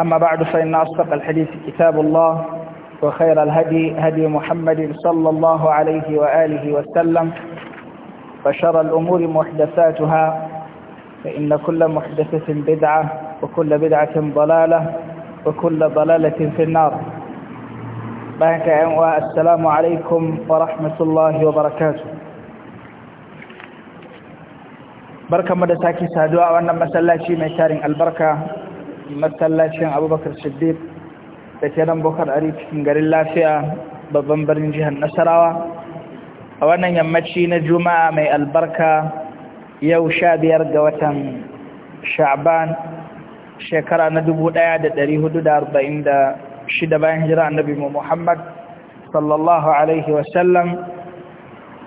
أما بعد فإن أصدق الحديث كتاب الله وخير الهدي هدي محمد صلى الله عليه وآله وسلم وشر الأمور محدثاتها فإن كل محدثة بدعة وكل بدعة ضلالة وكل ضلالة في النار بارك السلام عليكم ورحمة الله وبركاته بركة مدساكي سادوا وأن مسلاتي ميشارين البركة masallacin abubakar siddiq da ke nan bukar ari cikin garin lafiya babban birnin jihar nasarawa a wannan yammaci na juma'a mai albarka yau sha biyar ga watan sha'ban shekara na dubu ɗaya da dari hudu da arba'in da shida bayan hijira annabi muhammad sallallahu alaihi wasallam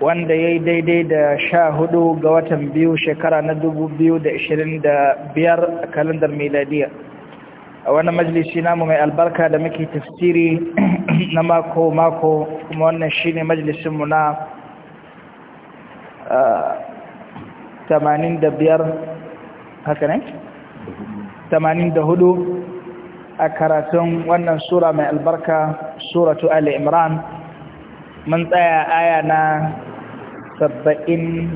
wanda ya yi daidai da sha hudu ga watan biyu shekara na dubu biyu da ishirin da biyar a kalandar miladiya a wannan majalisi namu mai albarka da muke tafsiri na mako-mako kuma wannan shi ne majalisinmu na 85 ah, haka ne? 84 a karatun wannan sura mai albarka suratu Ali Imran mun tsaya aya na 70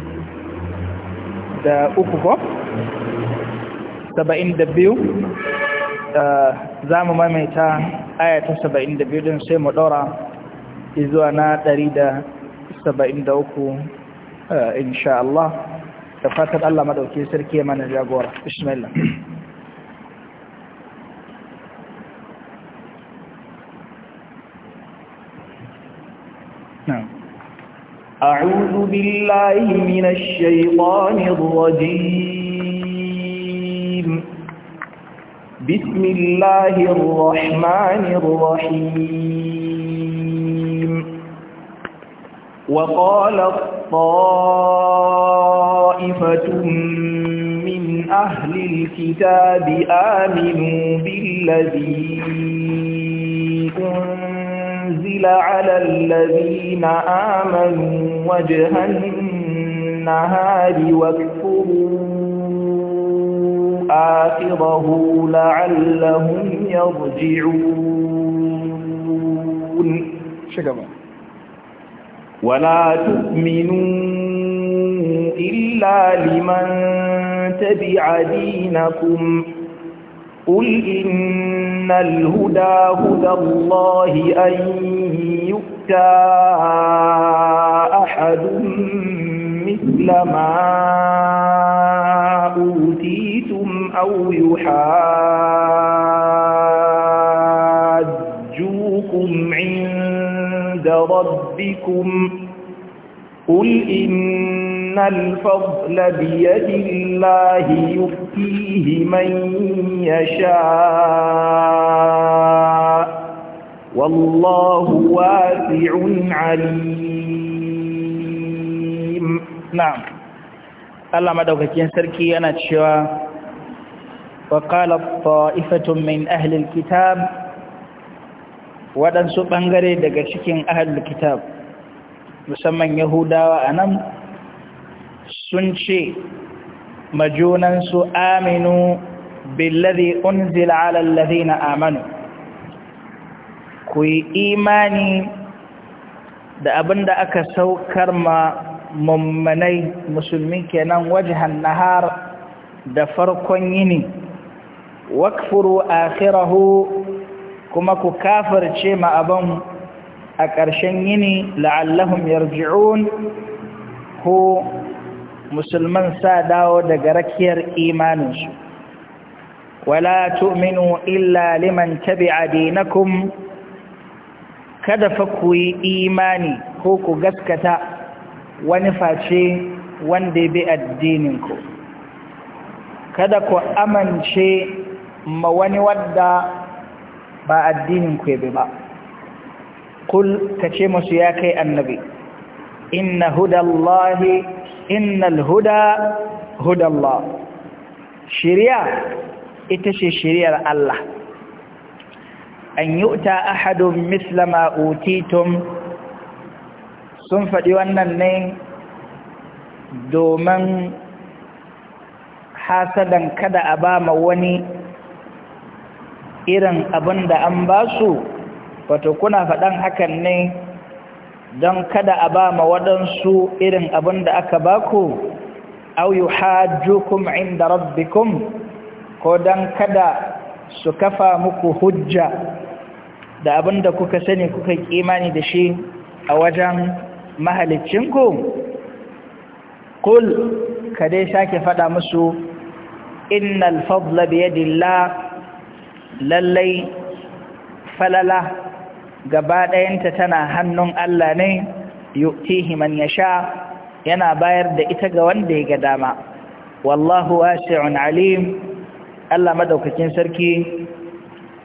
da uku ko? 72 Eh, za mu maimaita ayatun saba'in da biyu sai mu ɗora zuwa na ɗari da saba'in da uku eh, insha Allah da fatan Allah maɗauki sarki ya mana jagora ismaila أعوذ بالله من الشيطان الرجيم بسم الله الرحمن الرحيم وقال طائفة من أهل الكتاب آمنوا بالذي أنزل على الذين آمنوا وجه النهار واكفروا آخره لعلهم يرجعون شكرا ولا تؤمنوا إلا لمن تبع دينكم قل إن الهدى هدى الله أن يؤتى أحد مثل ما أوتي أو يحاجوكم عند ربكم قل إن الفضل بيد الله يؤتيه من يشاء والله واسع عليم نعم Allah كين سركي أنا cewa وقال طائفة من أهل kitab waɗansu ɓangare daga cikin ahalul kitab musamman yahudawa a nan sun ce majunansu aminu billazi unzila ala allazina amanu ku yi imani da abin da aka saukar ma mummanai musulmi kenan wajen nahar da farkon yini wakfuru akhirahu kuma ku kafirce ma abin a ƙarshen yini la'allahum yarji'un ko musulman sa dawo daga rakiyar imaninsu wala tu'minu illa liman tabi'a dinakum kada fa ku yi imani ko ku gaskata wani face wanda bi addininku kada ku amince ma wani wadda ba addinin ku yabe ba kul ka ce ya kai annabi inna hudallahi innal huda hudallah shiriya ita ce shiriyar Allah an yu'ta ahadun misla ma utitum sun faɗi wannan ne domin hasadan kada a ba ma wani irin abin da an ba su wato kuna faɗan hakan ne don kada a ba ma waɗansu irin abin da aka ba ku au yi hajjukum inda rabbikum ko don kada su kafa muku hujja da abin da kuka sani kuka imani da shi a wajen mahalicinku kul ka sake faɗa musu innal fadla biyadillah lallai falala gaba ɗayanta tana hannun Allah ne yu'tihi man yasha yana bayar da ita ga wanda ya ga dama wallahu wasi'un alim Allah madaukakin sarki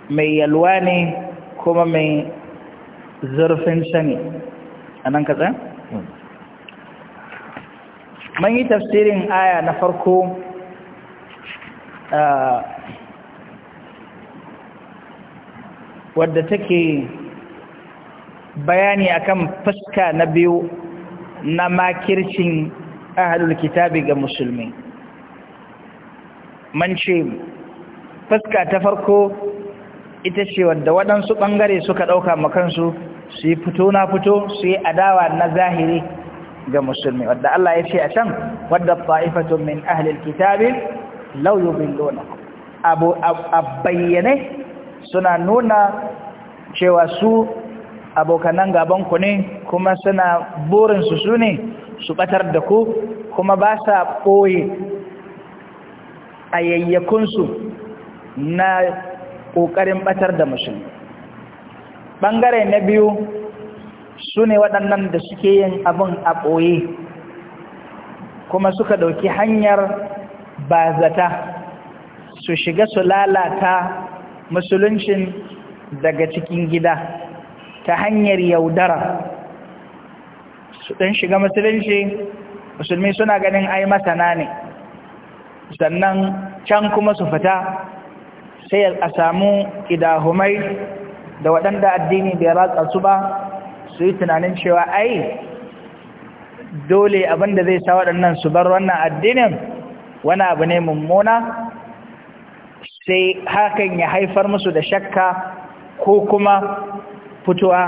mai yalwa ne kuma mai zurfin sani anan man hmm. yi tafsirin aya na farko uh, wadda take bayani akan fuska na biyu na makircin ahalul kitabi ga musulmi man ce fuska ta farko ita ce wadda waɗansu ɓangare suka ɗauka makansu su yi fito na fito su yi adawa na zahiri ga musulmi wadda Allah ya ce a can wadda ta'ifatun min ahlil kitabi law yubilluna a bayyane suna nuna cewa su abokanan gabanku ne kuma suna burinsu su ne su batar da ku kuma ba sa ɓoye a yayyakunsu na ƙoƙarin batar da musulmi ɓangare na biyu su ne waɗannan da suke yin abin a ɓoye kuma suka ɗauki hanyar bazata su shiga su lalata musuluncin daga cikin gida ta hanyar yaudara su ɗan shiga musulunci musulmi suna ganin ai masana ne sannan can kuma su fita sai a samu idahumai da waɗanda addini bai ratsa su ba su yi tunanin cewa ai dole abinda zai sa waɗannan su bar wannan addinin wani abu ne mummuna sai hakan ya haifar musu da shakka ko kuma fitowa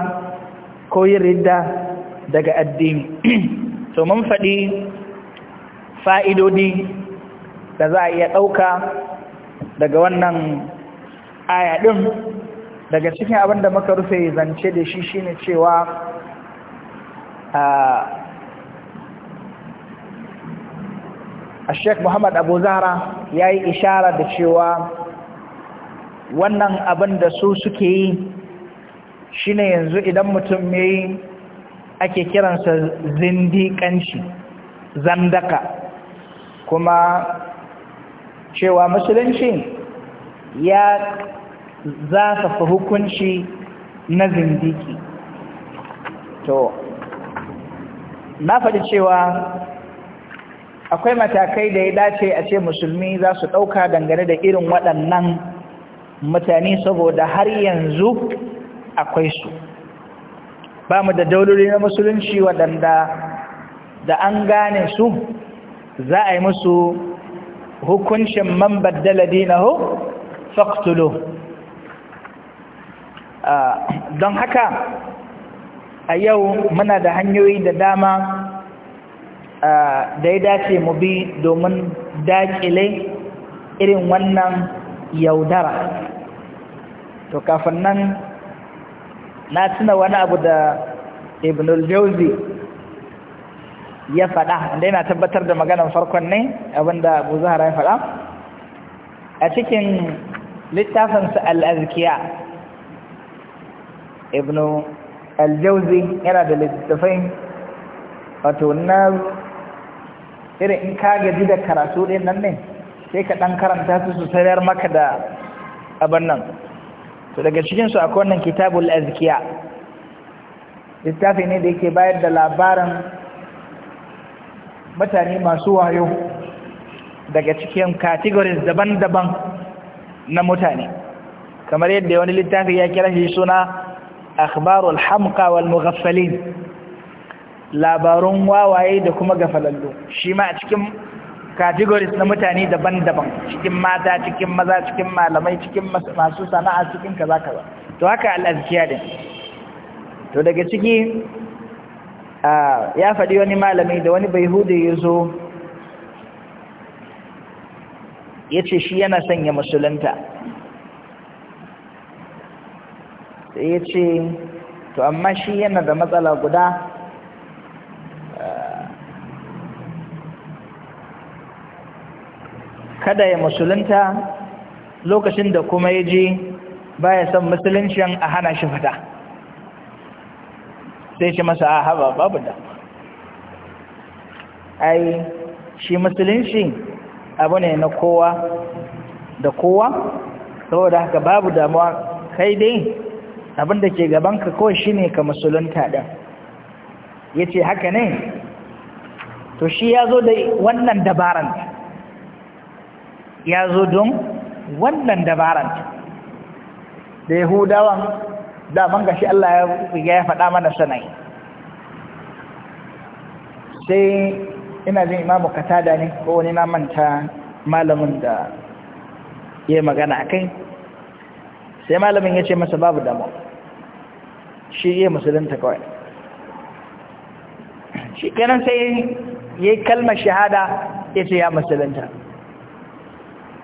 ko yin ridda daga addini to mun faɗi fa'idodi da za a iya ɗauka daga wannan aya ɗin daga cikin abin da muka rufe zance da shi shine cewa a sheik muhammad abu zahra ya yi ishara da cewa wannan abin da su suke yi shi ne yanzu idan mutum yi ake kiransa zindikanci, zandaka kuma cewa musulunci ya fi hukunci na zindiki to na faɗi cewa akwai matakai da ya dace a ce musulmi za su ɗauka dangane da irin waɗannan mutane saboda har yanzu akwai su ba mu da daulori na musulunci waɗanda da an gane su za a yi musu hukuncin man baddala dinahu faktulo ah, don haka a yau muna da hanyoyi da dama ah, da ya dace mu bi domin dakile irin wannan yaudara to kafin nan na tuna wani abu da ibn al ya faɗa da yana tabbatar da maganar farkon ne abinda abu zahara ya faɗa a cikin littafinsa al-azkiya ibn yana da littafai wato na irin in ka gaji da karatu ɗin nan ne sai ka ɗan karanta su su sayar maka da abin nan to daga cikinsu akwai wannan kitabul azkiya littafi ne da yake bayar da labarin mutane masu wayo daga cikin categories daban-daban na mutane kamar yadda wani littafi ya kira shi suna akhbarul hamqa wal mughaffalin labarun wawaye da kuma gafalallo shi ma a cikin categories na mutane daban-daban cikin mata cikin maza cikin malamai cikin masu sana'a cikin kaza kaza to haka al'azkiya din to daga ciki ya faɗi wani malami da wani bai hudu ya zo ya ce shi yana sanya musulunta sai ya ce to amma shi yana da matsala guda kada ya musulunta lokacin da kuma ya ji ya son musuluncin a hana shi fita sai shi masa a haba babu da ai shi musulunci abu ne na kowa da kowa saboda haka babu damuwa kai dai abinda ke gabanka kawai shi ne ka musulunta ɗin ya ce haka ne to shi ya zo da wannan dabaranta ya zo don wannan dabaranta, da yahudawan daman gashi Allah ya faɗa mana sanayi sai ina jin imamu katada ne ko wani na manta malamin da ya magana a kai sai malamin ya ce masa babu damo shi iya musulunta kawai shi kenan sai ya yi kalmar shahada ya ce ya musulunta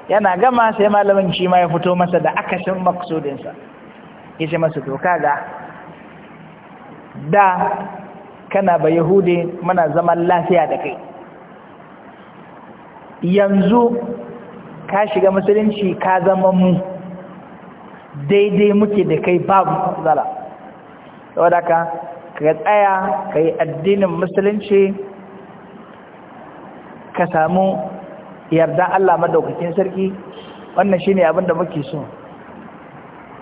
yana gama sai malamin shi ma ya fito masa da akashin maksudinsa ya ce masa toka ga da kana ba yahudi mana zaman lafiya da kai yanzu ka shiga musulunci ka zama mu daidai muke da kai babu zala saboda ka ka tsaya ka yi addinin musulunci ka samu yarda Allah madaukakin sarki wannan shine abin da muke so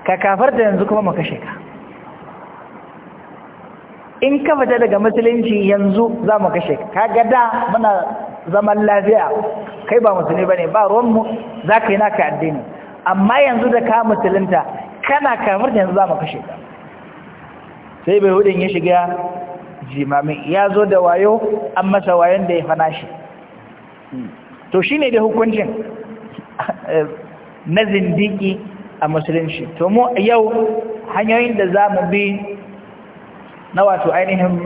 ka kafar da yanzu kuma mu kashe ka in ka fita daga musulunci yanzu za mu kashe ka ga da muna zaman lafiya kai ba musulmi bane ba ruwanmu za ka yi naka addini amma yanzu da ka musulunta kana da yanzu za mu kashe ka sai bai hudin ya shiga jimami ya zo da wayo an masa wayon da ya fana shi hmm. to shi ne da hukuncin na zindiki a musulunci to mu yau hanyoyin da za mu bi na wato ainihin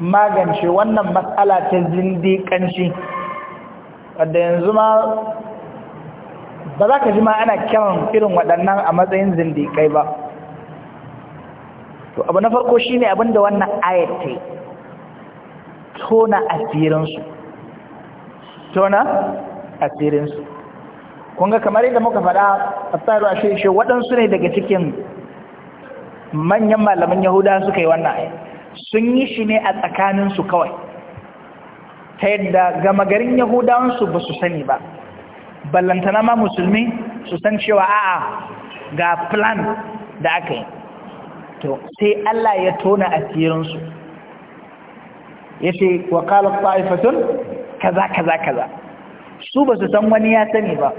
magance wannan matsala ta zindikanci, wadda yanzu ma ba za ka ji ma ana kyan irin waɗannan a matsayin zindikai ba to abu na farko shi ne abinda wannan ayat ta yi tona asirinsu tona asirinsu ga kamar yadda muka faɗa a tsarin ashe waɗansu ne daga cikin manyan malaman yahuda suka yi wannan sun yi shi ne a tsakaninsu kawai ta yadda gama garin yahudawansu ba su sani ba ballantana ma musulmi su san cewa a'a ga plan da aka yi to sai Allah ya tona asirinsu ya ce wa ƙalar ta'ifatun kaza kaza kaza su ba su san wani ya sani ba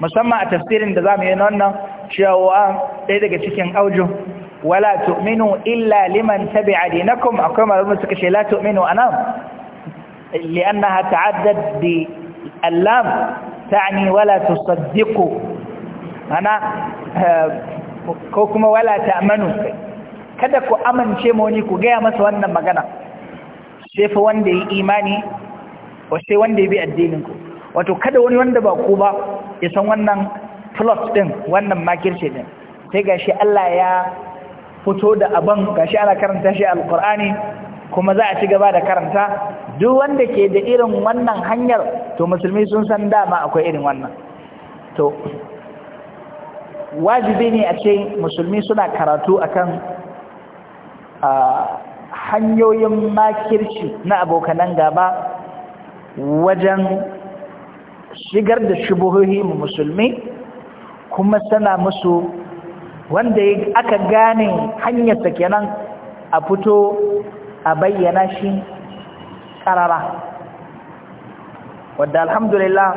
musamman a tafsirin da zamu yi na wannan cewa ah, ɗaya daga cikin aujo wala tu'minu illa liman tabi'a dinakum akwai malamu suka ce la tu'minu anan li'annaha ta'addad bi allam ta'ni wala tusaddiqu ana eh, ko kuma wala ta'manu kada ku amince mu ni ku ga masa wannan magana sai fa wanda yi imani washe wanda ya bi addinin ku wato kada wani wanda ba ku ba ya san wannan plot din wannan makirce din sai gashi Allah ya fito da abin gashi ana karanta shi alqur'ani kuma za a ci gaba da karanta duk wanda ke da irin wannan hanyar to musulmi sun san dama akwai irin wannan to wajibi ne a ce musulmi suna karatu akan ah, hanyoyin makirci na abokanan gaba wajen shigar da shubuhohi musulmi kuma sana musu wanda aka gane hanyarsa kenan a fito a bayyana shi karara wadda alhamdulillah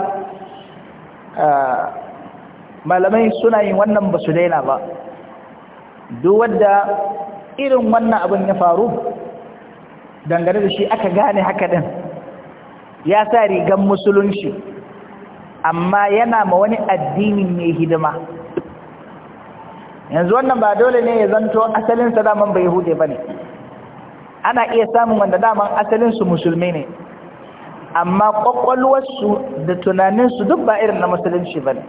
malamai suna yin wannan ba su daina ba duk wadda irin wannan abin ya faru dangane da shi aka gane haka din ya sa rigan musulunci amma yana ma wani addini mai hidima yanzu wannan ba dole ne ya zanto asalinsa daman bai hude ba ne ana iya samun wanda daman asalinsu musulmi ne amma ƙwaƙwalwarsu da tunaninsu duk ba irin na musulunci ba ne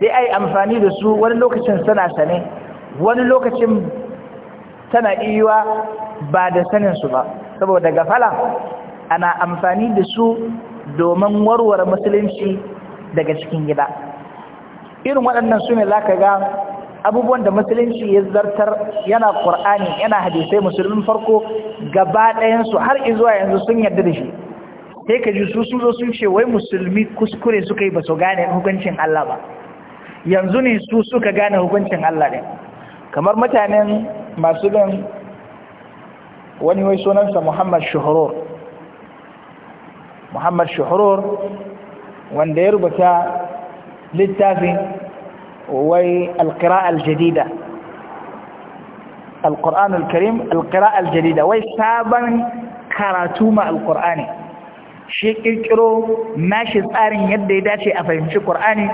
sai ai amfani da su wani lokacin suna sane wani lokacin tana iyuwa ba da saninsu ba saboda gafala ana amfani da su domin warware musulunci daga cikin gida irin waɗannan su ne za ka ga abubuwan da musulunci ya zartar yana ƙur'ani yana hadisai musulun farko gaba ɗayansu har izuwa yanzu sun yarda da shi sai ka ji su sun zo sun ce wai musulmi kuskure suka yi ba su gane hukuncin Allah ba yanzu ne su suka gane hukuncin Allah ne. kamar mutanen masu bin wani wai sunansa Muhammad Shuhurur muhammad shuhurur wanda ya rubuta littafin wai alƙira'a aljadida alƙur'an alkarim alƙira'a aljadida wai sabon karatu ma alƙur'ani shi ƙirƙiro nashi tsarin yadda ya dace a fahimci ƙur'ani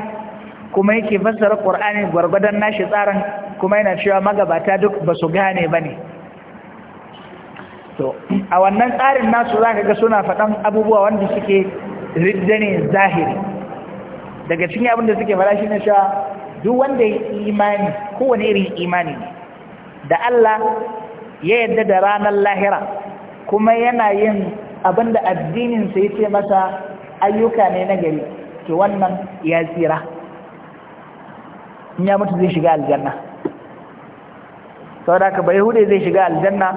kuma yake fassara ƙur'ani gwargwadon nashi tsarin kuma yana cewa magabata duk ba su gane ba ne to a wannan tsarin nasu zaka ga suna faɗan abubuwa wanda suke ridda zahiri daga cikin abin da suke faɗa na sha duk wanda ya imani kowane irin imani ne da Allah ya yadda da ranar lahira kuma yana yin abin da addinin ce ce masa ayyuka ne na gari to wannan ya tsira in ya mutu zai shiga aljanna da ka bai hude zai shiga aljanna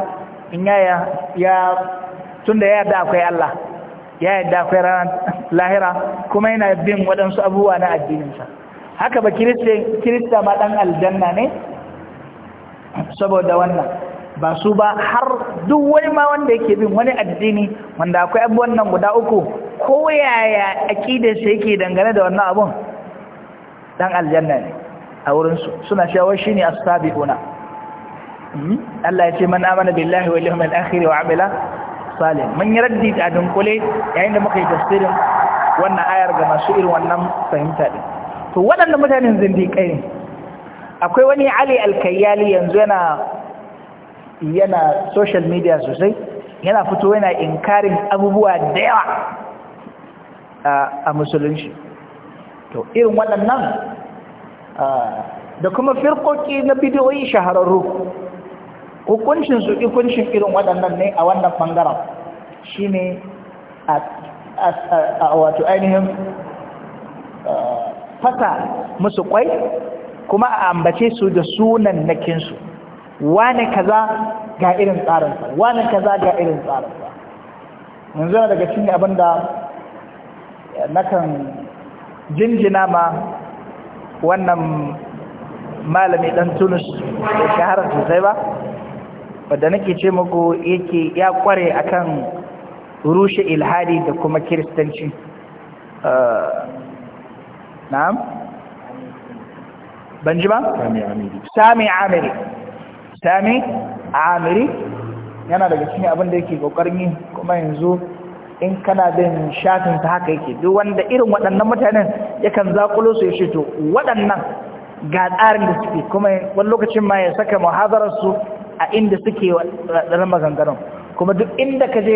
in ya ya tunda ya yarda akwai Allah ya yarda akwai ranar lahira kuma yana bin waɗansu abubuwa na addininsa haka ba kirista ma ɗan aljanna ne saboda wannan ba su ba har duk wani ma wanda yake bin wani addini wanda akwai abubuwan nan guda uku ko yaya aƙidarsa yake dangane da wannan abun ɗan aljanna ne a wurinsu suna shawar shi ne a sabi'una Hmm? Allah ya ce man amana billahi wal yawmil akhir wa amila salih mun yi raddi a dunkule yayin da muka yi tafsirin wannan ayar ga masu irin wannan fahimta din to waɗannan mutanen zindiƙai ne akwai wani Ali Alkayyali yanzu yana yana social media sosai yana fito yana inkarin abubuwa da yawa a musulunci to irin waɗannan da kuma firkoki na bidiyoyi shahararru hukuncin su hukuncin irin waɗannan ne a wannan ɓangaren shi ne a wato ainihin fasa musu kwai kuma a ambace su da sunan nakinsu wane kaza ga irin tsarinsa wane kaza ga irin tsarinsa yanzu na daga cikin abin da nakan jinjina ma wannan malami dan tunus da shaharar sosai ba wadda nake ce muku yake ya kware akan rushe ilhadi da kuma kiristanci eh, na'am ban ji ba? sami amiri sami amiri yana daga cikin abin da yake kokarin yi kuma yanzu in kana bin shafin ta haka yake duk wanda irin waɗannan mutanen yakan zakulo su ya ce to waɗannan ga tsarin da suke kuma wani lokacin ma ya saka muhazararsu. a inda suke waɗannan maganganun kuma duk inda ka je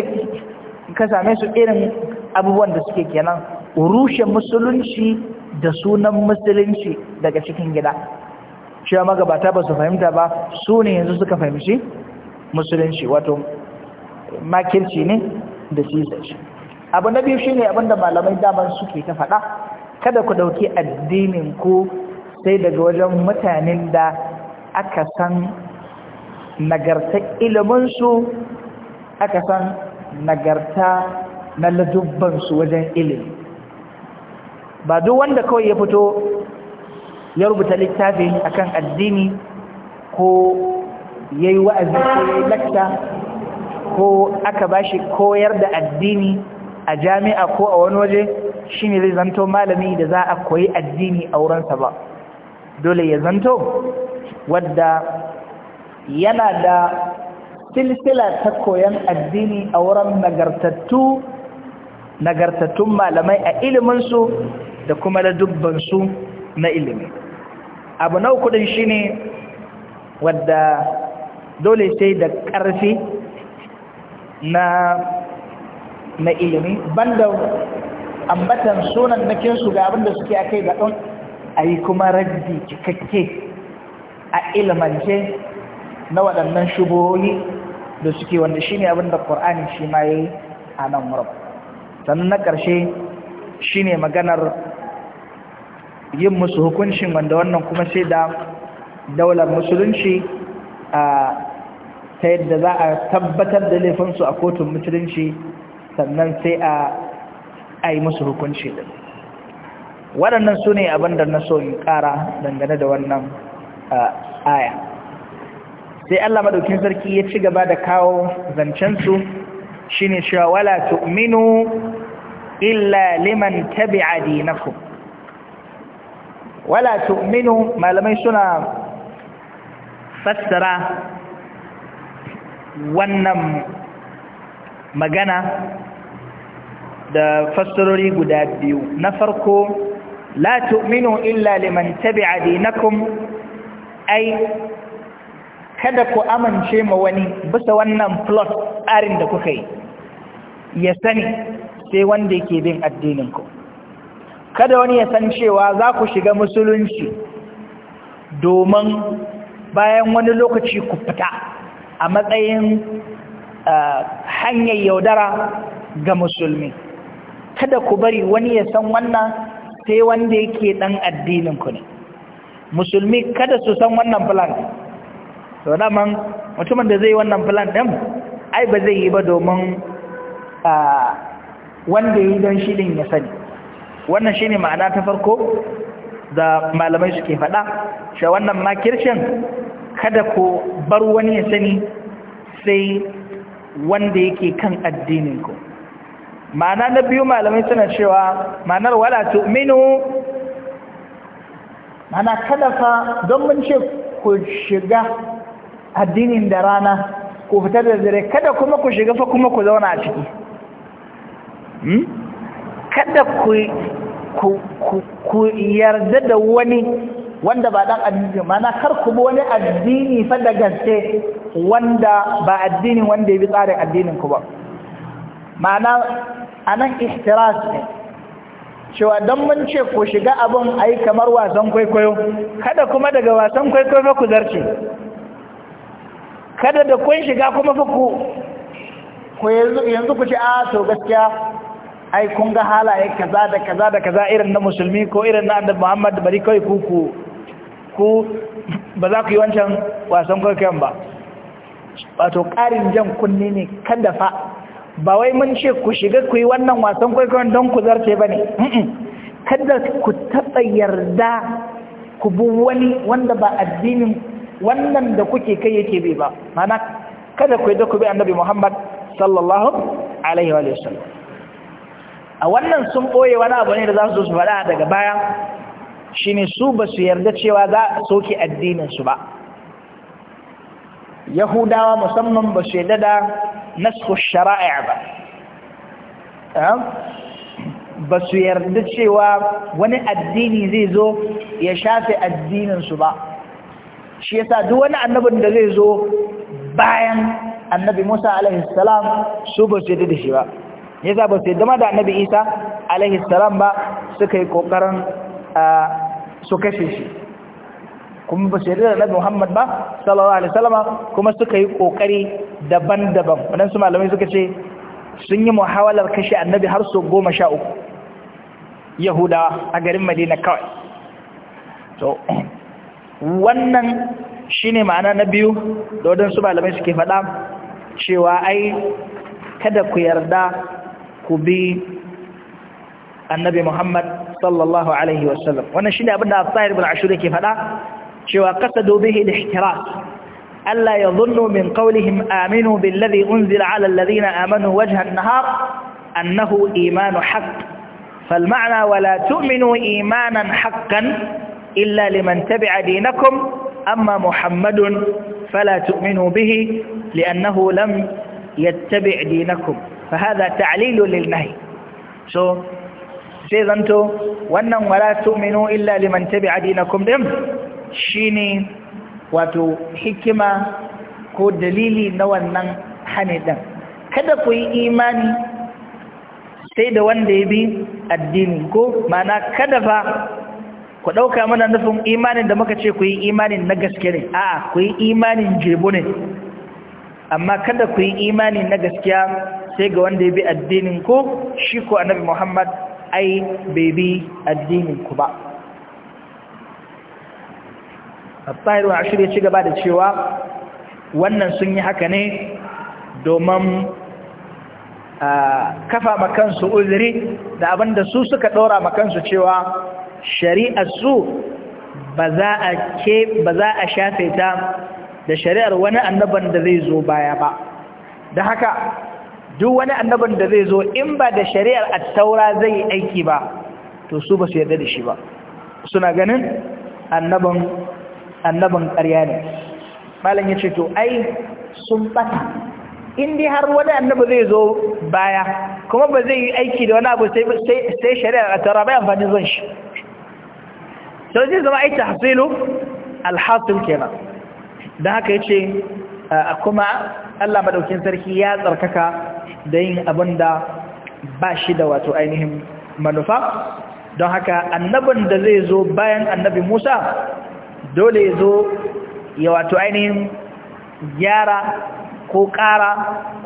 ka same su irin abubuwan da suke kenan rushe musulunci da sunan musulunci daga cikin gida cewa magabata ba su fahimta ba su ne yanzu suka fahimci musulunci wato makirci ne da shi. abu na biyu shine abinda malamai daban suke ta faɗa kada ku ɗauki addinin ku sai daga wajen mutanen da aka san nagarta iliminsu aka san nagarta na ladubban su wajen ilimi ba duk wanda kawai ya fito ya rubuta littafi akan addini ko ya wa'azi ko ya lakta ko aka bashi koyar da addini a jami'a ko a wani waje shine zai zanto malami da za a koyi addini a wuransa ba dole ya zanto wadda yana da silsila ta koyon addini a wurin nagartattu nagartattun malamai a iliminsu da kuma da dubbansu na ilimi abu na kudin shi ne wadda dole sai da ƙarfi na na ilimi banda ambatan sunan nakinsu ga abinda suke a kai ga ɗan a yi kuma raddi cikakke a ilimance na waɗannan shubuhohi da suke wanda shine abin da ƙur'ani shi ma yi a nan wurin sannan na ƙarshe shine maganar yin musu hukuncin wanda wannan kuma sai da daular musulunci a ta yadda za a tabbatar da laifinsu a kotun musulunci sannan sai a yi musu hukunci din waɗannan su ne abin da na so in ƙara dangane da wannan aya sai Allah madaukin sarki ya ci gaba da kawo zancensu shi ne cewa wala tu'minu illa liman tabi'a dinakum wala tu'minu malamai suna fassara wannan magana da fassarori guda biyu na farko la tu'minu illa liman tabi'a dinakum ai kada ku amince ma wani bisa wannan plot tsarin da kuka yi ya sani sai wanda yake bin addininku kada wani ya san cewa za ku shiga musulunci domin bayan wani lokaci ku fita a matsayin hanyar yaudara ga musulmi kada ku bari wani ya san wannan sai wanda yake ɗan addininku ne musulmi kada su san wannan plan to daman mutumin da zai wannan plan ɗin ai ba zai yi ba domin wanda yi don shi ya sani wannan shi ne ma'ana ta farko da malamai suke faɗa shi wannan makircin kada ku bar wani ya sani sai wanda yake kan addininku ma'ana na biyu malamai suna cewa ma'anar wala tu'minu ma'ana kada fa don mun ce ku shiga addinin da rana ku fitar da dare kada kuma ku shiga fa kuma ku zauna a ciki hmm? kada ku yarda da wani wanda ba dan addini mana kar ku bi wani addini fa da gaske wanda ba addinin wanda ya bi tsarin addinin ku ba mana anan ihtiras ne cewa don mun ce ku shiga abin yi kamar wasan kwaikwayo kada kuma daga wasan kwaikwayo ku zarce kada da kun shiga kuma fa ku ko yanzu ku ce a to gaskiya ai kun ga halaye kaza da kaza da kaza irin na musulmi ko irin na annabi Muhammad bari kai ku ku ku ba za ku yi wancan wasan kwaikwayon ba wato ƙarin jan kunni ne kada fa ba wai mun ce ku shiga ku yi wannan wasan kwaikwayon don ku zarce ba ne kada ku taɓa yarda ku bi wani wanda ba addinin wannan da kuke kai yake bi ba mana kada ku yadda ku bi annabi Muhammad sallallahu alaihi wa sallam a wannan sun boye wani abu ne da za su su faɗa daga baya shine su ba su yarda cewa za a soke addinin ba yahudawa musamman ba su yarda da nasu shara'a ba ehm? ba su yarda cewa wani addini zai zo ya shafe addininsu ba shi yasa duk wani annabin da zai zo bayan annabi Musa alaihi salam su ba su da shi ba yasa ba su yadda da annabi Isa alaihi salam ba suka yi kokarin su kashe shi kuma ba su yadda da annabi Muhammad ba sallallahu alaihi salam kuma suka yi kokari daban-daban wannan su malamai suka ce sun yi muhawalar kashe annabi har su goma sha uku yahudawa a garin madina kawai wannan shine ma'ana na biyu da waɗansu malamai suke faɗa cewa ai kada ku yarda ku bi annabi Muhammad sallallahu alaihi wasallam wannan shine abin da Abdullah ibn Ashur yake faɗa cewa qasadu bihi al-ihtiras alla yadhunnu min qawlihim aminu billadhi unzila ala alladhina amanu wajha an-nahar annahu imanu haqq فالمعنى ولا تؤمنوا إيمانا حقا illa liman tabi'a dinakum amma muhammadun fala tu'minu bihi li'annahu lam yattabi' dinakum fa hadha ta'lilu so sai zanto wannan wala tu'minu illa liman tabi'a dinakum din shine wato hikima ko dalili na wannan hane din kada ku yi imani sai da wanda ya bi addini ko mana kada fa ku ɗauka mana nufin imanin da muka ce ku yi imanin na gaske ne a ku yi imanin jebu ne amma kada ku yi imanin na gaskiya sai ga wanda ya bi addinin ku shi ko annabi muhammad ai bai bi addinin ku ba abtahiru a ya ci gaba da cewa wannan sun yi haka ne domin ah, kafa makansu uzuri da abinda su suka ɗora makansu cewa shari'ar su ba za a shafe ta da shari'ar wani annaban da zai zo baya ba da haka duk wani annaban da zai zo in ba da shari'ar a taura zai yi aiki ba to su ba su yarda da shi ba suna ganin annaban ƙarya ne ya ce to ai sun bata in dai har wani annaba zai zo baya kuma ba zai yi aiki da wani abu sai shari'ar a taura bayan amfani zan shi to zai zama ai tahsilu alhasil kenan da haka yace kuma Allah madaukin sarki ya tsarkaka da yin abinda ba shi da wato ainihin manufa don haka annabin da zai zo bayan annabi Musa dole ya zo ya wato ainihin gyara ko ƙara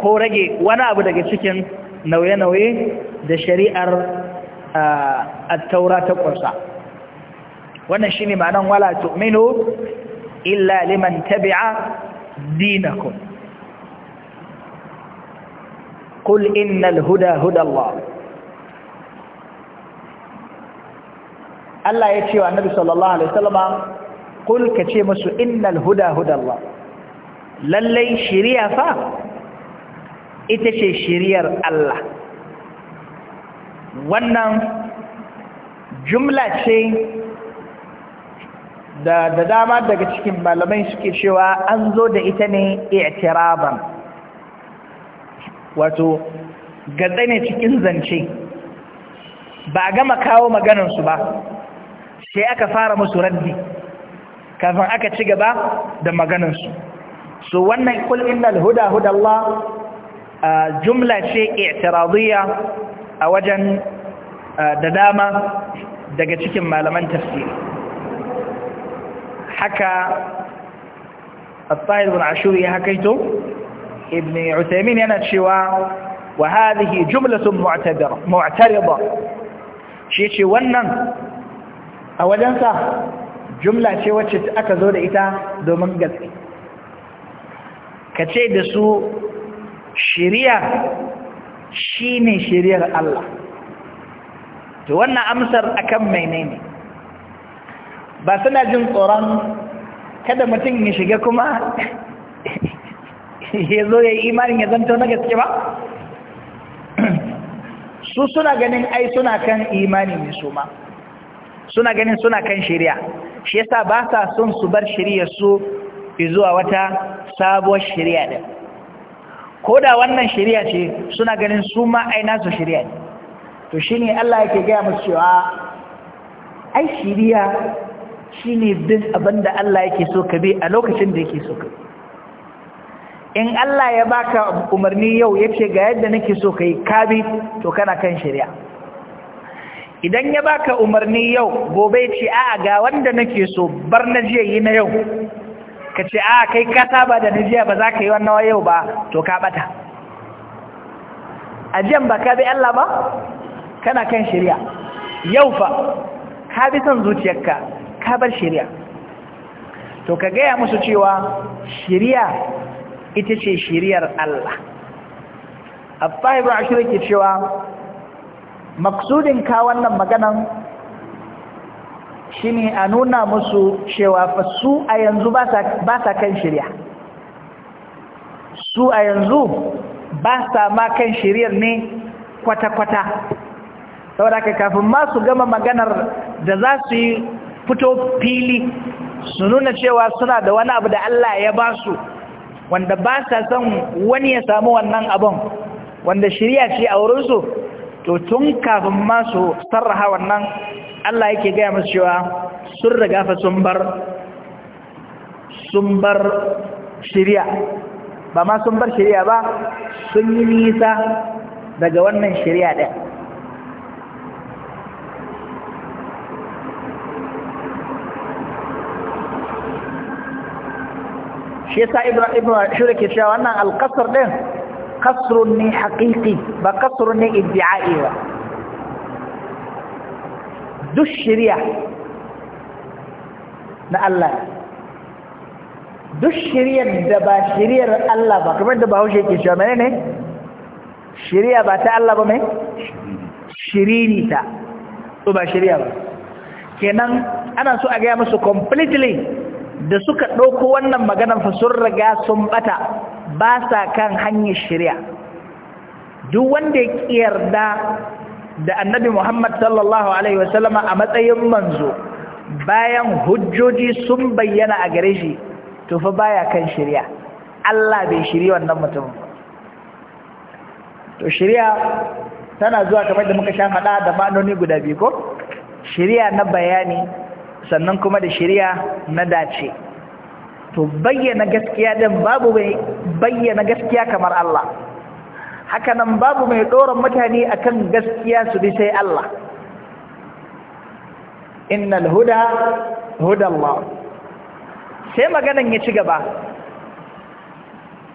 ko rage wani abu daga cikin nauye-nauye da shari'ar a taura ta ƙunsa wannan shine ma'anan wala tu'minu illa liman tabi'a dinakum qul innal huda hudallah Allah ya ce wa Annabi sallallahu alaihi wasallama qul ce musu innal huda hudallah lallai shiriya fa ita ce shiriyar Allah wannan jumla ce da da dama daga cikin malamai suke cewa an zo da ita ne i'tiraban wato gatsa ne cikin zance ba a gama kawo maganansu ba sai aka fara musu raddi kafin aka ci gaba da maganansu so wannan kul innal huda hudallah jumla ce i'tiradiyya a wajen da dama daga cikin malaman tafsiri haka al-tahir bin ashuri ya hakaito ibn utaimin yana cewa wa hadhihi jumlatun mu'tarida shi ce wannan a wajensa jumla ce wacce aka zo da ita domin gaske ka ce da su shiriya shine shiriyar Allah to wannan amsar akan menene ne ba suna jin tsoron kada mutum ya shiga kuma ya zo ya yi imanin ya zanto na gaske ba su suna ganin ai suna kan imani ne su ma suna ganin suna kan shirya shi yasa ba sa son su bar shirya su zuwa wata sabuwar shirya ɗin ko da wannan shirya ce suna ganin su ma ai nasu shirya ne to ne Allah yake gaya musu cewa ai shirya Shi ne bin abin da Allah yake so ka bi a lokacin da yake so ka bi. in Allah ya baka umarni yau ya ce, ga yadda nake so ka yi, ka bi to kana kan shari'a idan ya baka umarni yau gobe ce a'a ga wanda nake so bar na jiya yi na yau ka ce a kai ka saba da najiya ba za ka yi wannan yau ba to ka bata a jiyan ba ka bi Allah ba kana kan shari'a yau fa ka bi son zuciyarka ka bar shari'a to ka gaya musu cewa shirya ita ce shari'ar Allah abba ibn ashirin ke cewa maksudin ka wannan maganan ne a nuna musu cewa fa su a yanzu ba sa kan shirya su a yanzu ba sa ma kan shari'ar ne kwata-kwata saboda ka kafin ma su gama maganar da za su yi fito fili su nuna cewa suna da wani abu da Allah ya ba su wanda ba sa son wani ya samu wannan abin wanda shirya ce a wurinsu to tun kafin ma su sarraha wannan Allah yake gaya musu cewa sun riga fa sun bar sun bar shirya ba ma sun bar shirya ba sun yi nisa daga wannan shirya ɗaya shi yasa ibnu ibnu shura ke cewa wannan alqasr din kasrun ne haqiqi ba kasrun ne iddi'ai ba duk shari'a na Allah duk shari'a da ba shari'ar Allah ba kamar da Bahaushe ke cewa menene shari'a ba ta Allah ba mai shiriri ta to ba shari'a ba kenan ana so a ga musu completely da suka ɗauko wannan maganar fa sun riga sun ɓata ba sa kan hanyar shirya duk wanda ya yarda da annabi Muhammad sallallahu Alaihi wasallama a matsayin manzo bayan hujjoji sun bayyana a gare shi tufa baya kan shirya Allah bai shiri wannan mutum to shirya tana zuwa kamar da muka sha faɗa da ma'anoni guda biyu ko shirya na bayani sannan kuma da shirya na dace to bayyana gaskiya din babu mai bayyana gaskiya kamar Allah haka nan babu mai doron mutane akan gaskiya su bi sai Allah innal huda Allah sai maganan ya ci gaba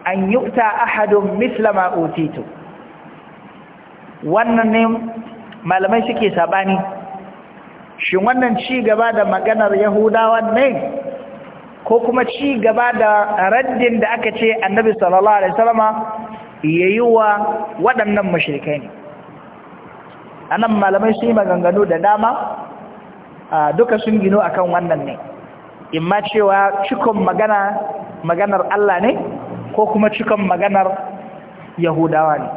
an yukta ahadun misla ma wannan ne malamai suke sabani shin wannan ci gaba da maganar yahudawa ne ko kuma ci gaba da raddin da aka ce annabi sallallahu alaihi wasallama yayi wa waɗannan mushrikai ne anan malamai su yi maganganu da dama duka sun gino akan wannan ne imma cewa cikon magana maganar Allah ne ko kuma cikon maganar yahudawa ne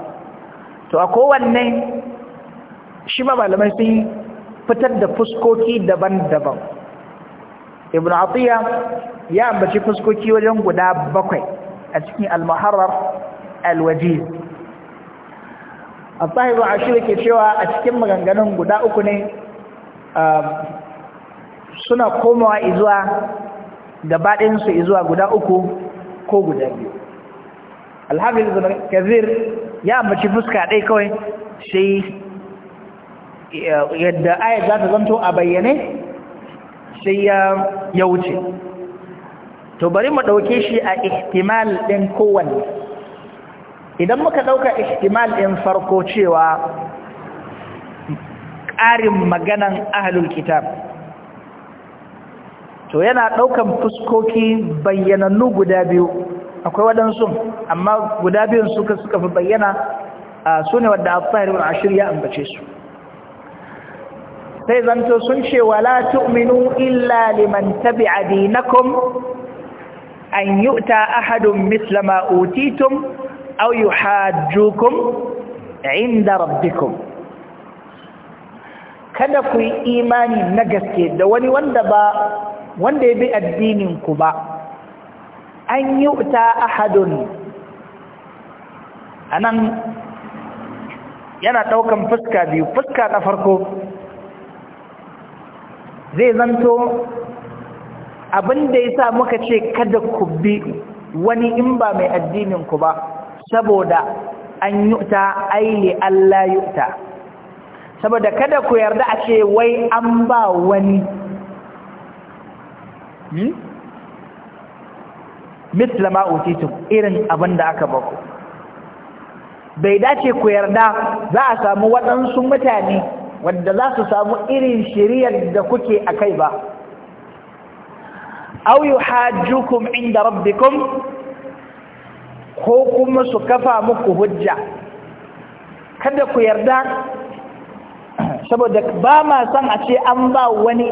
to a kowanne shi ma malamai sun fitar da fuskoki daban-daban ibn atiya ya ambaci fuskoki wajen guda bakwai a cikin al-muharrar al-wajiz al-tahir ashir ke cewa a cikin maganganun guda uku ne um, suna komawa izuwa gabaɗin su izuwa guda uku ko guda biyu al-hafiz ibn kathir ya ambaci fuska ɗaya kawai sai yadda aya za ta zanto a bayyane sai ya wuce to bari mu ɗauke shi a ihtimal ɗin kowanne idan muka ɗauka ihtimal ɗin farko cewa ƙarin maganan ahalul kitab to yana ɗaukan fuskoki bayyanannu guda biyu akwai waɗansu amma guda biyun suka suka fi bayyana su ne wadda a tsarin ashir ya ambace su sai zanto sun ce wala tu'minu illa liman tabi'a dinakum an yu'ta ahadun misla ma utitum aw yuhajjukum inda rabbikum kada ku yi imani na gaske da wani wanda ba wanda ya bi addinin ku ba an yu'ta ahadun anan yana daukan fuska biyu fuska na farko zai zanto abin da ya sa muka ce kada ku bi wani in ba mai addinin ku ba saboda an yuta aile Allah yuta saboda kada ku yarda a ce wai an ba wani hmm? misla ma irin abin da aka baku bai dace ku yarda za a samu waɗansu mutane wadda za su samu irin shiriyar da kuke a kai ba au yi hajjukum inda rabbikum ko kuma su kafa muku hujja kada ku yarda saboda ba ma san a ce an ba wani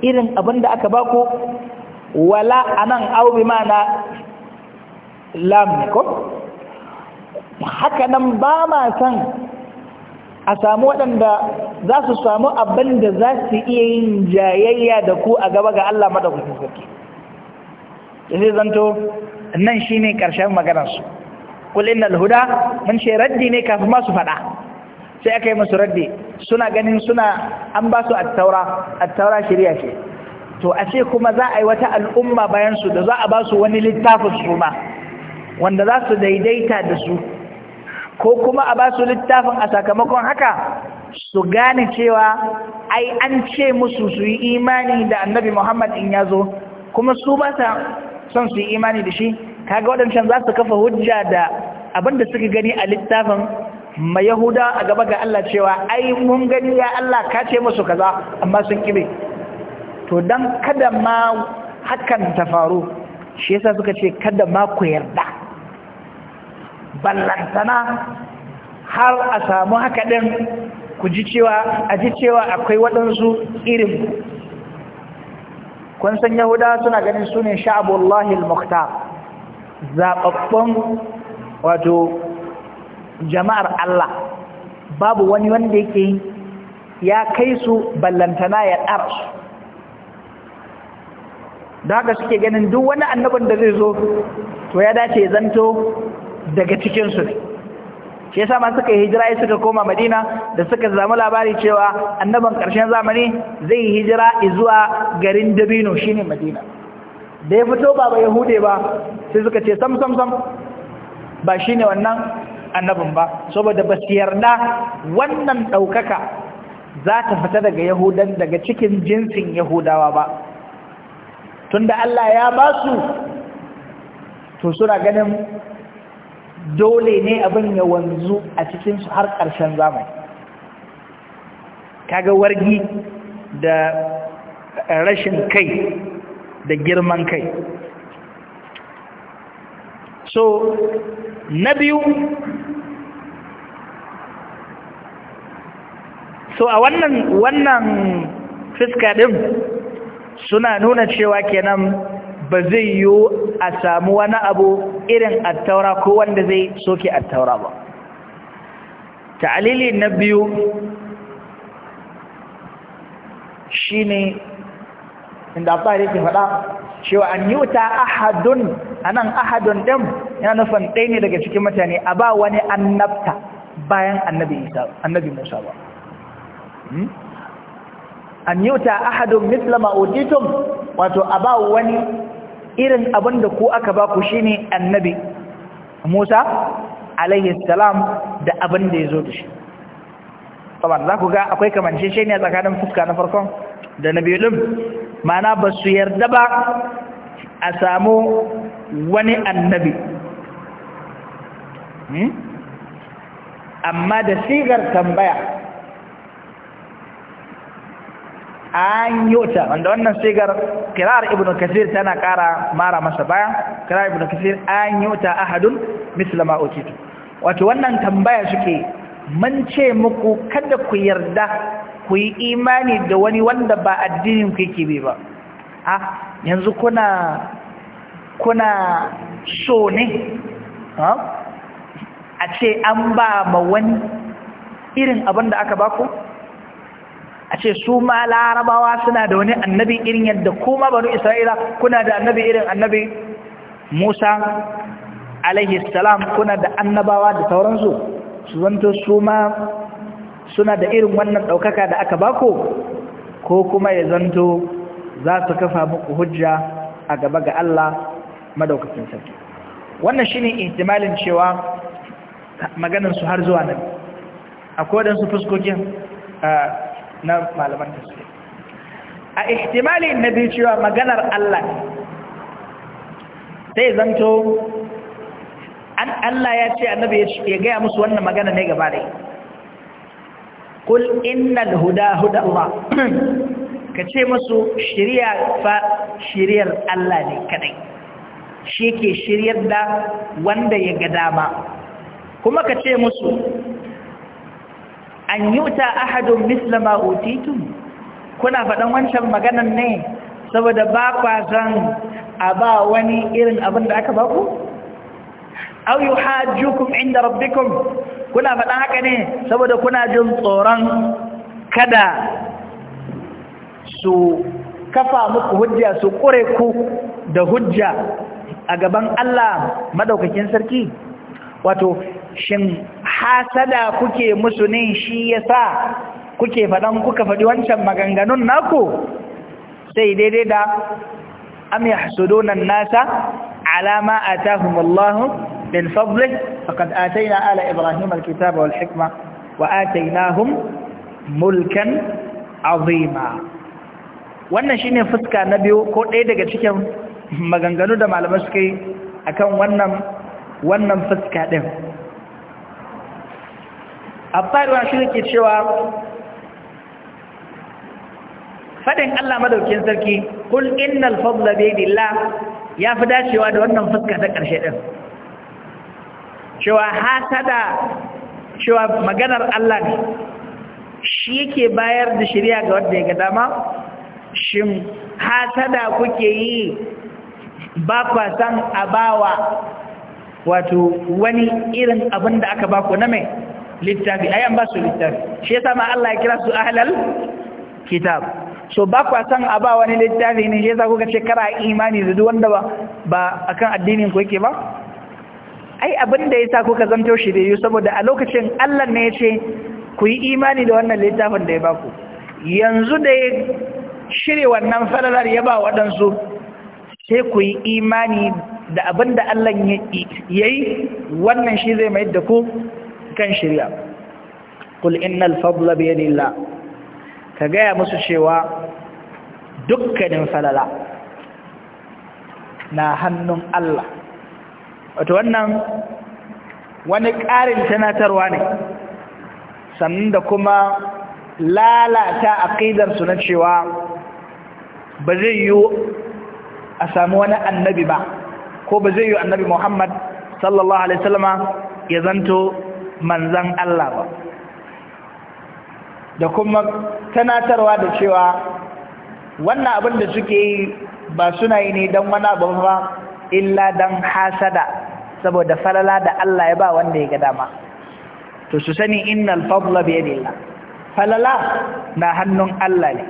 irin abin da aka baku wala anan au bi mana lam haka nan ba ma san a samu waɗanda za su samu abin da za su iya yin jayayya da ku a gaba ga Allah maɗaukacin sarki zai zanto nan shine ƙarshen maganarsu kulin na huda mun ce raddi ne kafin masu faɗa sai aka yi musu raddi suna ganin suna an ba su attaura attaura shirya ce to a ce kuma za a yi wata al'umma bayansu da za a ba su wani littafin su ma wanda za su daidaita da su ko kuma a ba su littafin a sakamakon haka su gane cewa ai an ce musu su yi imani da annabi Muhammad in ya zo kuma su ba sa son su yi imani da shi kaga waɗancan za su kafa hujja da abin da suka gani a littafin ma Yahuda a gaba ga Allah cewa ai mun gani ya Allah ka ce musu kaza amma sun kibe to don kada ma hakan ta faru shi yasa suka ce kada ma ku yarda ballantana har a samu haka ɗin ku ji cewa a ji cewa akwai waɗansu irin kun san yahudawa suna ganin su ne sha'abullahi al mukta zaɓaɓɓen wato jama'ar Allah babu wani wanda yake ya kai su ballantana ya ɗara su da haka suke ganin duk wani annabin da zai zo to ya dace zanto daga cikinsu ne shi yasa ma suka hijira ya suka koma madina da suka zama labari cewa annaban karshen zamani zai hijira zuwa garin dabino shine madina da ya fito ba ba yahude ba sai suka ce sam sam sam ba shine wannan annabin ba saboda ba su yarda wannan ɗaukaka za ta fita daga yahudan daga cikin jinsin yahudawa ba tunda Allah ya ba su to suna ganin dole ne abin ya wanzu a cikinsu har ƙarshen zamani kaga wargi da rashin kai da girman kai so na biyu so a wannan wannan fiska ɗin suna nuna cewa kenan ba zai yi a samu wani abu irin attaura ko wanda zai soke attaura ba ta'alili na biyu shine inda ba ke faɗa cewa an yi wuta ahadun anan ahadun ɗin yana nufin ɗai ne daga cikin mutane a ba wani annabta bayan annabi musa ba hmm? an yi wuta ahadun mislama otitum wato a ba wani irin abin da ku aka ba ku shi ne annabi Musa alaihi salam da abin da ya zo da shi saboda za ku ga akwai a tsakanin fuska na farkon da na biyu ɗin mana ba su yarda ba a samu wani annabi hmm? amma da sigar tambaya an wata wanda wannan sigar kirar ibn kasir tana kara mara masa baya kirar ibn kasir an wata ahadun misla ma wato wannan tambaya suke mun ce muku kada ku yarda ku yi imani da wani wanda ba addinin ku yake bi ba a yanzu kuna kuna so ne a ce an ba ma wani irin abin da aka baku a ce su ma larabawa suna da wani annabi irin yadda kuma banu isra'ila kuna da annabi irin annabi musa alaihi salam kuna da annabawa da sauransu su zanto su ma suna da irin wannan ɗaukaka da aka bako ko kuma ya zanto za su kafa muku hujja a gaba ga Allah madaukakin sarki wannan shine ihtimalin cewa maganar su har zuwa nan akwai wadansu fuskokin ah, na malaman tafsir a ihtimali na biyu cewa maganar Allah ne. sai zanto an Allah ya ce annabi ya gaya musu wannan magana ne gaba dai kul innal huda huda Allah ka ce musu shirya fa shiryar Allah ne kadai shi ke shiryar da wanda ya ga dama kuma ka ce musu an yuta ahadun misla ma utitum kuna faɗan wancan maganan ne saboda ba kwa zan a ba wani irin abin da aka baku aw yuhajjukum inda rabbikum kuna faɗan haka ne saboda kuna jin tsoron kada su kafa muku hujja su ƙure ku da hujja a gaban Allah madaukakin sarki wato shin hasada kuke musu ne shi yasa kuke faɗan kuka faɗi wancan maganganun naku sai daidai da am yahsuduna an-nasa ala ma atahum Allah min fadli faqad atayna ala Ibrahim, al-kitaba wal hikma wa atainahum mulkan azima wannan shine fuska na biyu ko ɗaya daga cikin maganganu da malamai suka yi akan wannan wannan fuska ɗin. abbaruwa shi ke cewa fadin Allah madaukin sarki kul innal fadla bi ya fi dacewa da wannan fuska ta ƙarshe ɗin. cewa hasada cewa maganar Allah ne shi yake bayar da shari'a ga wanda ya ga dama shin hasada kuke yi ba kwa san abawa wato wani irin abin da aka baku na mai littafi ai ba su littafi shi yasa ma Allah ya kira su ahlal kitab so ba kwa san a ba wani littafi ne shi yasa kuka ce kara imani da duk wanda ba ba akan addinin ku yake ba ai abin da yasa kuka zanto shi da yi saboda a lokacin Allah ne ya ce ku yi imani da wannan littafin da ya baku yanzu da ya shirye wannan falalar ya ba waɗansu sai ku yi imani da abin da Allah ya yi wannan shi zai mai da ku kan shirya kul innal fadla ka gaya musu cewa dukkanin falala na hannun Allah wato wannan wani ƙarin tanatarwa ne sannan da kuma lalata aqidarsu na cewa ba zai yi a samu wani annabi ba ko ba zai yi annabi Muhammad sallallahu alaihi wasallama ya zanto manzan Allah ba da kuma tanatarwa da cewa wannan abin da suke yi ba suna yi ne don wani abu ba illa don hasada saboda falala da Allah ya ba wanda ya ga dama to su sani innal biya bi yadillah falala na hannun Allah ne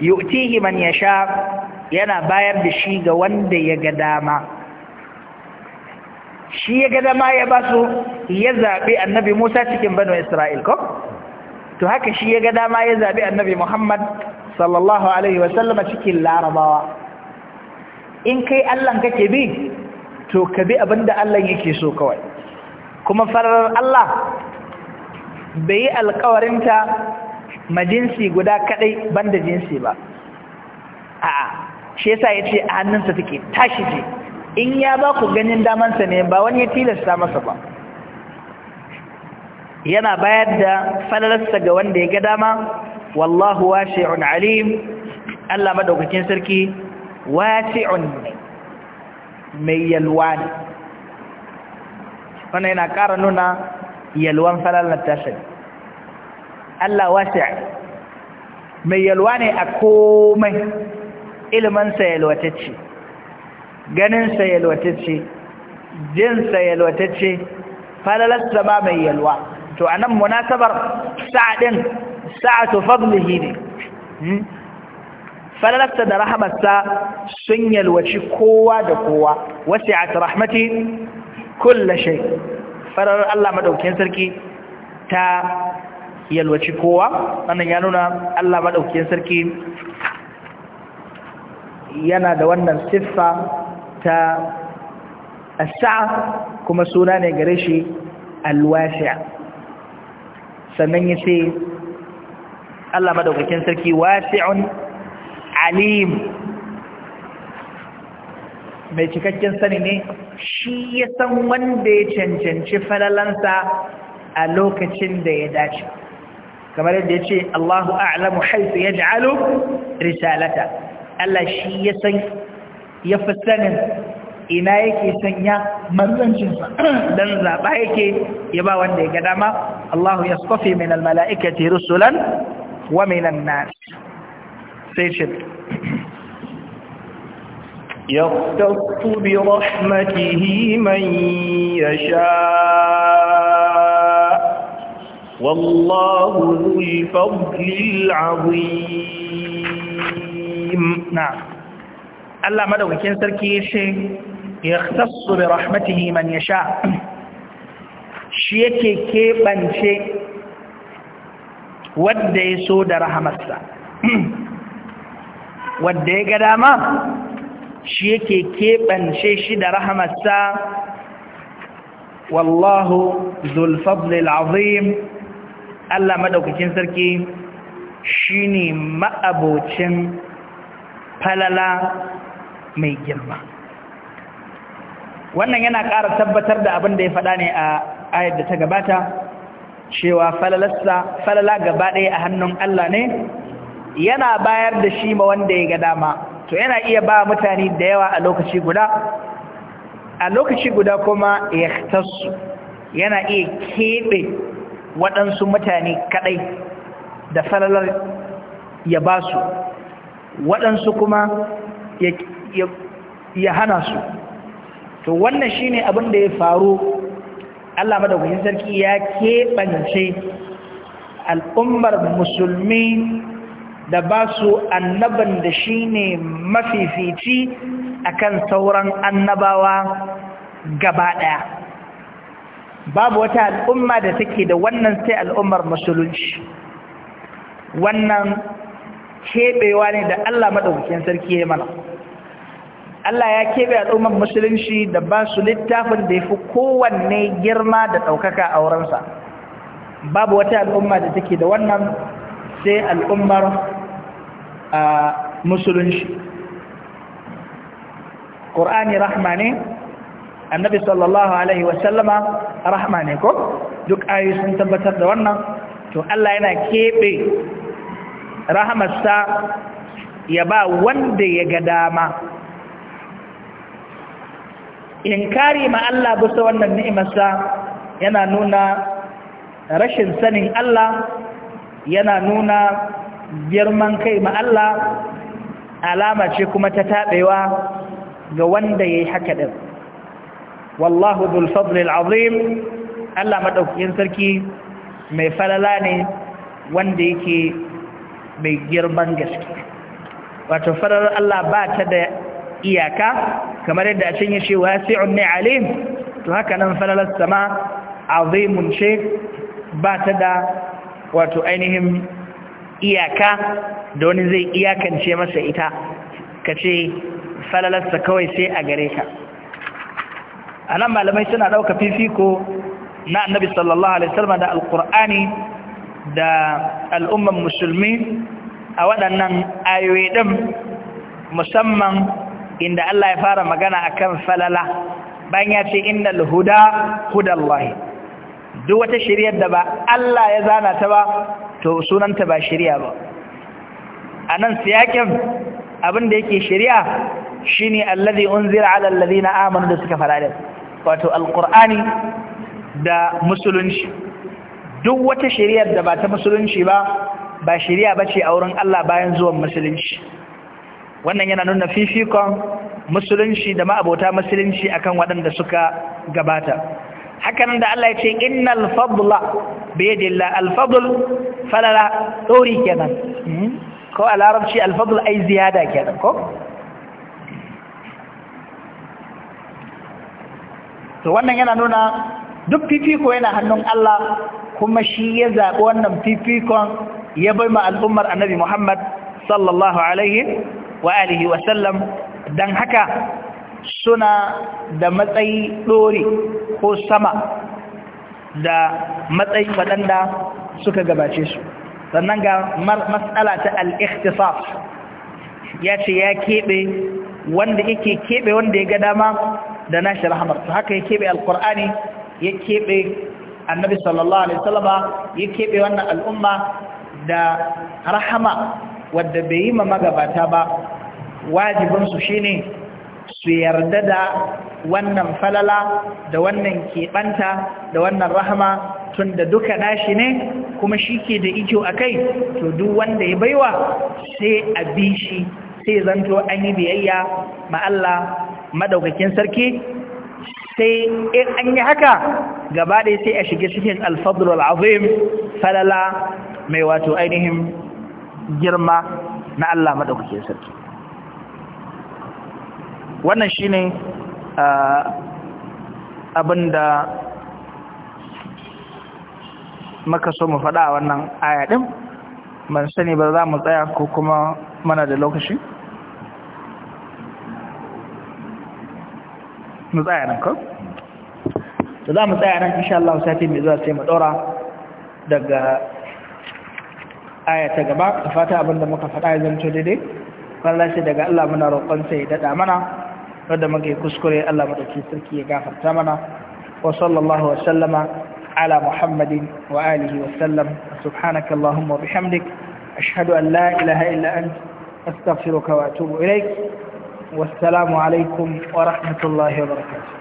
yu'tihi man sha yana bayar da shi ga wanda ya ga dama shi ya gada ma ya ba su ya zaɓi annabi Musa cikin banu Isra'il ko? To haka shi ya gada ma ya zaɓi annabi Muhammad sallallahu Alaihi wasallama cikin larabawa. In kai Allahn kake bi, to ka bi abin da Allahn yake so kawai. Kuma farar Allah bai yi alkawarinta ma jinsi guda kaɗai banda jinsi ba. A'a, shi yasa ya ce a hannunsa take tashi ce. in ya ba ku ganin damansa ne ba wani ya tilasta masa ba yana bayar da falalarsa ga wanda ya ga dama wallahu washi'un alim Allah madaukakin sarki washi'un mai yalwa ne wanda yana ƙara nuna yalwan falalar tashin Allah wasi'a mai yalwa ne a komai ilimansa yalwatacce ganinsa yalwatacce jinsa yalwatacce falalarsa ba mai yalwa to a nan munasabar sa'adin sa'atu fadlihi ne hmm? falalarsa da rahamarsa sun yalwaci kowa da kowa wasu a rahmati kulla shai farar Allah maɗaukin sarki ta yalwaci kowa wannan ya nuna Allah maɗaukin sarki yana da wannan siffa ta as kuma suna ne gare shi al sannan sannan yace Allah madaukakin sarki wasi'un alim mai cikakken sani ne shi ya san wanda ya cancanci falalansa a lokacin da ya dace kamar yadda ya ce Allahu a'lamu haifu ya ja'alu risalata Allah shi ya san ya fi sanin ina yake sanya manzancinsa don zaɓa yake ya ba wanda ya ga dama Allahu ya tsofi min almala'ikati rusulan wa minan nas sai ce يختص برحمته من يشاء والله ذو الفضل العظيم نعم Allah madaukakin sarki ya ce yakhtassu bi rahmatihi man yasha shi yake kebance wanda ya so da rahamarsa wanda ya ga dama shi yake kebance shi da rahamarsa wallahu dhul fadli azim Allah madaukakin sarki shine ma'abocin falala mai girma wannan yana ƙara tabbatar da abin da ya faɗa ne a ayar da ta gabata cewa falala gaba ɗaya a hannun Allah ne yana bayar da shi ma wanda ya ga dama to yana iya ba mutane da yawa a lokaci guda a lokaci guda kuma ya tasu yana iya keɓe waɗansu mutane kaɗai da falalar ya ba su waɗansu kuma ya ya hana su to wannan shine abin da ya faru Allah madaukakin sarki ya keɓance al'ummar musulmi da ba su annaban da shi ne mafifici akan sauran annabawa gaba ɗaya babu wata al'umma da take da wannan sai al'ummar musulunci wannan keɓewa ne da Allah maɗaukakin sarki ya yi mana Allah ya keɓe al'ummar musulunci da ba su littafin da ya fi kowanne girma da ɗaukaka a wurinsa babu wata al'umma da take da wannan sai al'ummar musulunci ƙur'ani rahma ne annabi sallallahu alaihi wasallama rahma ne ko duk ayu sun tabbatar da wannan to Allah yana keɓe rahamarsa ya ba wanda ya ga dama inkari ma Allah bisa wannan ni'imarsa yana nuna rashin sanin Allah yana nuna girman kai ma Allah alama ce kuma ta taɓewa ga wanda ya haka din wallahu zulfadlil azim Allah maɗaukakin sarki mai falala ne wanda yake mai girman gaske wato farar Allah ba ta da iyaka kamar yadda a cin yace wasi'un ne alim to haka nan falalar sama azimun ce ba ta da wato ainihin iyaka da wani zai iyakance masa ita ka ce falalarsa kawai sai a gare ka a nan malamai suna ɗauka fifiko na annabi sallallahu alaihi wasallam da alkur'ani da al'umman musulmi a waɗannan ayoyi ɗin musamman inda Allah ya fara magana akan falala bayan ya ce innal huda hudallahi duk wata shiryar da ba Allah ya zana ta ba to sunanta ba shiriya ba nan siyakin abin yake shiriya shine allazi unzira ala alladhina amanu da suka fara wato alqur'ani da musulunci duk wata shiriyar da ba ta musulunci ba ba shiriya ce a wurin Allah bayan zuwan musulunci wannan yana nuna fifikon musulunci da ma'abota musulunci akan waɗanda suka gabata hakanan da Allah ya ce innal fadla bi yadillah al fadl falala dori kenan hmm? ko a larabci al fadl ai ziyada kenan ko to wannan yana nuna duk fifiko yana hannun Allah kuma shi ya zaɓi wannan fifikon ya bai ma al'ummar annabi Muhammad sallallahu alaihi wa alihi wa sallam dan haka suna da matsayi dore ko sama da matsayi waɗanda suka gabace su sannan ga matsala ta al-ikhtisaf ya ce ya keɓe wanda yake keɓe wanda ya ga dama da nashi rahamar to haka ya keɓe alkur'ani ya keɓe annabi sallallahu alaihi wasallama ya keɓe wannan al'umma da rahama wadda bai yi ma magabata ba wajibinsu shine su yarda da wannan falala da wannan keɓanta da wannan rahama Tunda duka nashi ne kuma shi ke da ijo a kai to duk wanda ya baiwa sai a bi shi sai zanto an yi biyayya ma Allah madaukakin sarki sai in an yi haka gaba ɗaya sai a shiga cikin alfadlul azim falala mai wato ainihin girma na Allah madaukakin sarki wannan ne abin da maka so mu faɗa a wannan aya man sani ba za mu tsaya ko kuma mana da lokaci mu tsaya nan ko to za mu tsaya nan insha Allah sati mai zuwa sai mu ɗora daga aya ta gaba da fata abinda muka faɗa ya zanto daidai kwallon sai daga Allah muna roƙon sai ya daɗa mana muka muke kuskure Allah madauki sarki ya gafarta mana wa sallallahu wa sallama ala muhammadin wa alihi wa sallam subhanaka allahumma wa bihamdik ashhadu an la ilaha illa ant astaghfiruka wa atubu ilaik wassalamu alaikum wa rahmatullahi wa barakatuh